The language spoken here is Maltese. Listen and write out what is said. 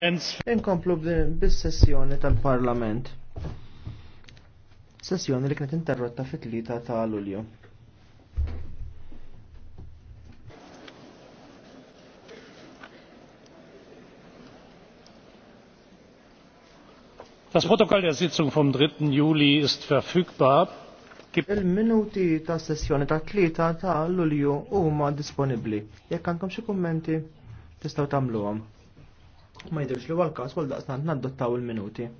Inkomplu bis-sessjoni tal-Parlament. Sessjoni li kienet interrotta fit-tlieta ta' Lulju. Das Protokoll der Sitzung vom 3. Juli ist verfügbar. Il-minuti ta' sessjoni ta' tlieta ta' Lulju huma disponibbli. Jekk għandkom xi kummenti tistgħu tagħmluhom. Ma jidirx li għal-kas għal daqsnant naddottaw il-minuti.